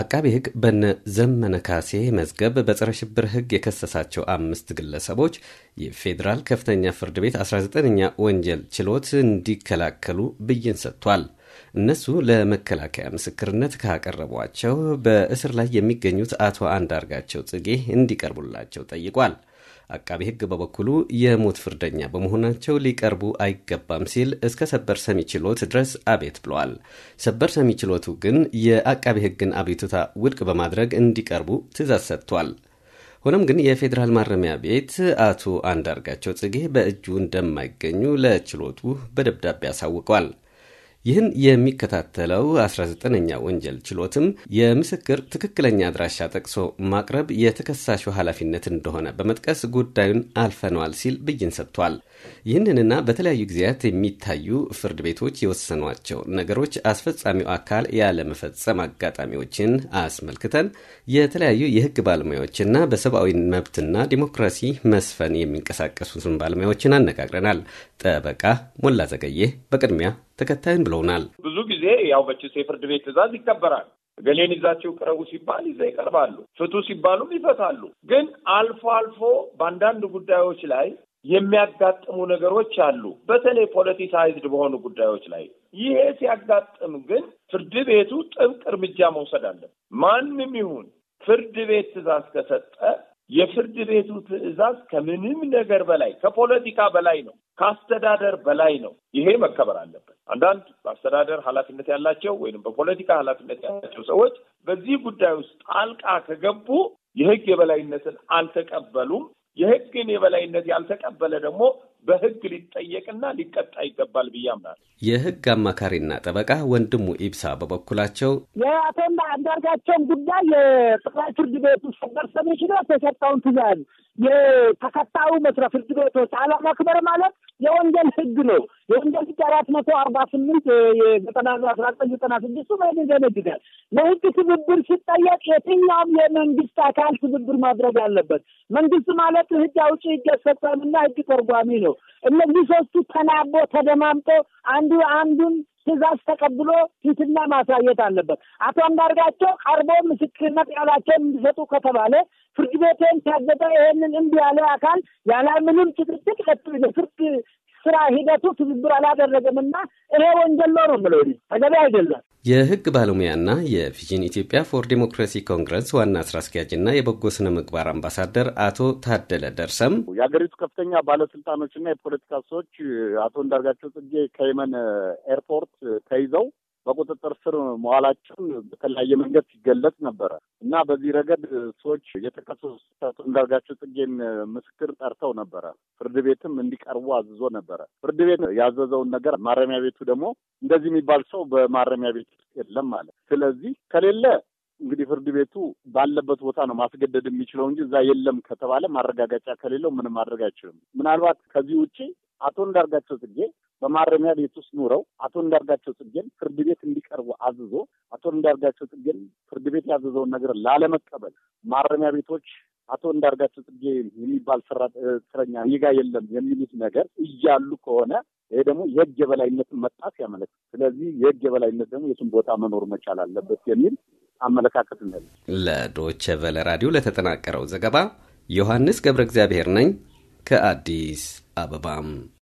አቃቢ ሕግ በነ ዘመነ ካሴ መዝገብ በጸረ ሽብር ሕግ የከሰሳቸው አምስት ግለሰቦች የፌዴራል ከፍተኛ ፍርድ ቤት 19ኛ ወንጀል ችሎት እንዲከላከሉ ብይን ሰጥቷል። እነሱ ለመከላከያ ምስክርነት ካቀረቧቸው በእስር ላይ የሚገኙት አቶ አንዳርጋቸው ጽጌ እንዲቀርቡላቸው ጠይቋል። አቃቢ ሕግ በበኩሉ የሞት ፍርደኛ በመሆናቸው ሊቀርቡ አይገባም ሲል እስከ ሰበር ሰሚ ችሎት ድረስ አቤት ብለዋል። ሰበር ሰሚ ችሎቱ ግን የአቃቢ ሕግን አቤቱታ ውድቅ በማድረግ እንዲቀርቡ ትእዛዝ ሰጥቷል። ሆኖም ግን የፌዴራል ማረሚያ ቤት አቶ አንዳርጋቸው ጽጌ በእጁ እንደማይገኙ ለችሎቱ በደብዳቤ አሳውቋል። ይህን የሚከታተለው 19ኛ ወንጀል ችሎትም የምስክር ትክክለኛ አድራሻ ጠቅሶ ማቅረብ የተከሳሹ ኃላፊነት እንደሆነ በመጥቀስ ጉዳዩን አልፈነዋል ሲል ብይን ሰጥቷል። ይህንንና በተለያዩ ጊዜያት የሚታዩ ፍርድ ቤቶች የወሰኗቸው ነገሮች አስፈጻሚው አካል ያለመፈጸም አጋጣሚዎችን አስመልክተን የተለያዩ የህግ ባለሙያዎችና በሰብአዊ መብትና ዲሞክራሲ መስፈን የሚንቀሳቀሱትን ባለሙያዎችን አነጋግረናል። ጠበቃ ሞላ ዘገዬ በቅድሚያ ተከታይም ብለውናል። ብዙ ጊዜ ያው መቼስ የፍርድ ቤት ትዕዛዝ ይከበራል። ገሌን ይዛቸው ቅረቡ ሲባል ይዘ ይቀርባሉ፣ ፍቱ ሲባሉም ይፈታሉ። ግን አልፎ አልፎ በአንዳንድ ጉዳዮች ላይ የሚያጋጥሙ ነገሮች አሉ። በተለይ ፖለቲሳይዝድ በሆኑ ጉዳዮች ላይ ይሄ ሲያጋጥም ግን ፍርድ ቤቱ ጥብቅ እርምጃ መውሰድ አለ። ማንም ይሁን ፍርድ ቤት ትዕዛዝ ከሰጠ የፍርድ ቤቱ ትዕዛዝ ከምንም ነገር በላይ ከፖለቲካ በላይ ነው፣ ከአስተዳደር በላይ ነው። ይሄ መከበር አለበት። አንዳንድ በአስተዳደር ኃላፊነት ያላቸው ወይም በፖለቲካ ኃላፊነት ያላቸው ሰዎች በዚህ ጉዳይ ውስጥ ጣልቃ ከገቡ የህግ የበላይነትን አልተቀበሉም። የህግን የበላይነት ያልተቀበለ ደግሞ በህግ ሊጠየቅና ሊቀጣ ይገባል ብዬ አምናለሁ። የህግ አማካሪና ጠበቃ ወንድሙ ኢብሳ በበኩላቸው የአቶና አንዳርጋቸውን ጉዳይ የጠቅላይ ፍርድ ቤቱ ሰበር ሰሚ ችሎት የሰጠውን ትዕዛዝ የተከታዩ መስረ ፍርድ ቤቶች አለማክበር ማለት የወንጀል ህግ ነው። የወንጀል ህግ አራት መቶ አርባ ስምንት የዘጠና አስራ ዘጠኝ ዘጠና ስድስቱ በህግ ይደነግጋል። ለህግ ትብብር ሲጠየቅ የትኛውም የመንግስት አካል ትብብር ማድረግ አለበት። መንግስት ማለት ህግ አውጪ፣ ህግ አስፈጻሚና ህግ ተርጓሚ ነው። እነዚህ ሶስቱ ተናቦ ተደማምጦ አንዱ አንዱን ትእዛዝ ተቀብሎ ፊትና ማሳየት አለበት። አቶ አንዳርጋቸው ቀርቦ ምስክርነት ያላቸውን እንዲሰጡ ከተባለ ፍርድ ቤትን ሲያዘጠ ይሄንን እንዲህ ያለ አካል ያለ ምንም ጭቅጭቅ ለፍርድ ስራ ሂደቱ ትብብር አላደረገምና ይሄ ወንጀል ነው ነው የምለው ተገቢ አይደለም። የህግ ባለሙያና የቪዥን ኢትዮጵያ ፎር ዴሞክራሲ ኮንግረስ ዋና ስራ አስኪያጅና የበጎ ስነ ምግባር አምባሳደር አቶ ታደለ ደርሰም የሀገሪቱ ከፍተኛ ባለስልጣኖችና የፖለቲካ ሰዎች አቶ እንዳርጋቸው ጽጌ ከየመን ኤርፖርት ተይዘው በቁጥጥር ስር መዋላቸውን በተለያየ መንገድ ሲገለጽ ነበረ እና በዚህ ረገድ ሰዎች የተከሰሱት እንዳርጋቸው ጽጌን ምስክር ጠርተው ነበረ። ፍርድ ቤትም እንዲቀርቡ አዝዞ ነበረ። ፍርድ ቤት ያዘዘውን ነገር ማረሚያ ቤቱ ደግሞ እንደዚህ የሚባል ሰው በማረሚያ ቤት ውስጥ የለም ማለት ስለዚህ ከሌለ እንግዲህ ፍርድ ቤቱ ባለበት ቦታ ነው ማስገደድ የሚችለው እንጂ እዛ የለም ከተባለ ማረጋገጫ ከሌለው ምንም ማድረግ አይችልም። ምናልባት ከዚህ ውጭ አቶ እንዳርጋቸው ጽጌ በማረሚያ ቤት ውስጥ ኑረው አቶ እንዳርጋቸው ጽጌን ፍርድ ቤት እንዲቀርቡ አዝዞ አቶ እንዳርጋቸው ጽጌን ፍርድ ቤት ያዘዘውን ነገር ላለመቀበል ማረሚያ ቤቶች አቶ እንዳርጋቸው ጽጌ የሚባል እስረኛ እኔ የለም የሚሉት ነገር እያሉ ከሆነ ይሄ ደግሞ የህግ የበላይነትን መጣስ ያመለክ ስለዚህ የህግ የበላይነት ደግሞ የቱን ቦታ መኖር መቻል አለበት የሚል አመለካከት ነል። ለዶይቼ ቬለ ራዲዮ ለተጠናቀረው ዘገባ ዮሐንስ ገብረ እግዚአብሔር ነኝ ከአዲስ አበባም